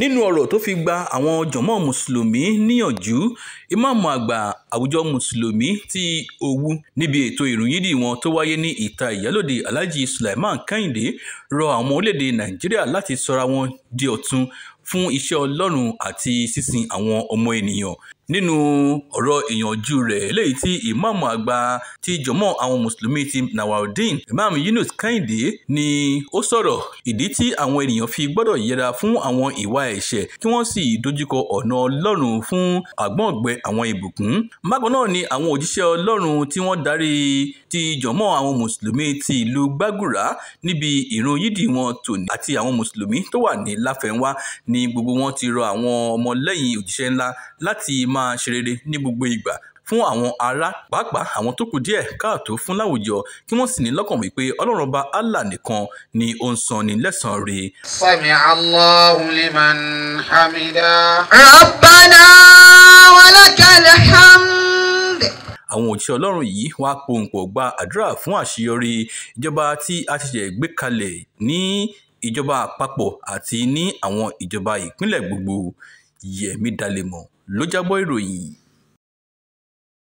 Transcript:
nínú ọ̀rọ̀ tó fi gba àwọn jọ̀mọ́ mùsùlùmí níyànjú ìmáàmù àgbà àwùjọ mùsùlùmí ti Òwu níbi ètò ìrùnyídì wọn tó wáyé ní ìta ìyálòde Alhaji Sulaiman Kẹ́hìndé rọ àwọn ọmọ orílẹ̀-èdè Nàìjíríà láti sọra wọn di ọ̀tun fún iṣẹ́ Ọlọ́run àti sísìn àwọn ọmọ ènìyàn nínú ọ̀rọ̀ ìyànjú rẹ̀ léyìí tí ìmáàmù àgbà ti jọmọ́ àwọn mùsùlùmí ti Nawaudeen ìmáàmù Yunus Kẹ́hìndé ni ó sọ̀rọ̀ ìdí tí àwọn ènìyàn fi gbọ́dọ̀ yẹra fún àwọn ìwà ẹ̀ṣẹ̀ kí wọ́n sì dojúkọ ọ̀nà Ọlọ́run fún àgbọ̀ngbẹ àwọn ìbùkún bákan náà ni àwọn òjíṣẹ́ ọlọ́run tí wọ́n darí ti jọ̀mọ́ àwọn mùsùlùmí ti ìlú gbàgùrà níbi ìrun yídì wọn tòní àti àwọn mùsùlùmí tó wà ní láfẹnwá ni gbogbo wọn ti rọ àwọn ọmọlẹ́yìn òjíṣẹ́ ńlá láti máa ṣe rere ní gbogbo ìgbà fún àwọn ará pàápàá àwọn tó kù díẹ̀ káàtó fún láwùjọ kí wọ́n sì ní lọ́kàn wípé ọlọ́run ọba allah nìkan ni ó ń san ní lẹ́san-án rẹ̀. sami allahu liman hamida. rabbana. àwọn òjíṣẹ́ ọlọ́run yìí wá pohùnpò gba àdúrà fún àṣeyọrí ìjọba tí a ti ṣẹ̀ gbé kalẹ̀ ní ìjọba àpapọ̀ àti ní àwọn ìjọba ìpínlẹ̀ gbogbo Yẹ̀mí Dalẹ́mọ̀ ló jábọ̀ ìròyìn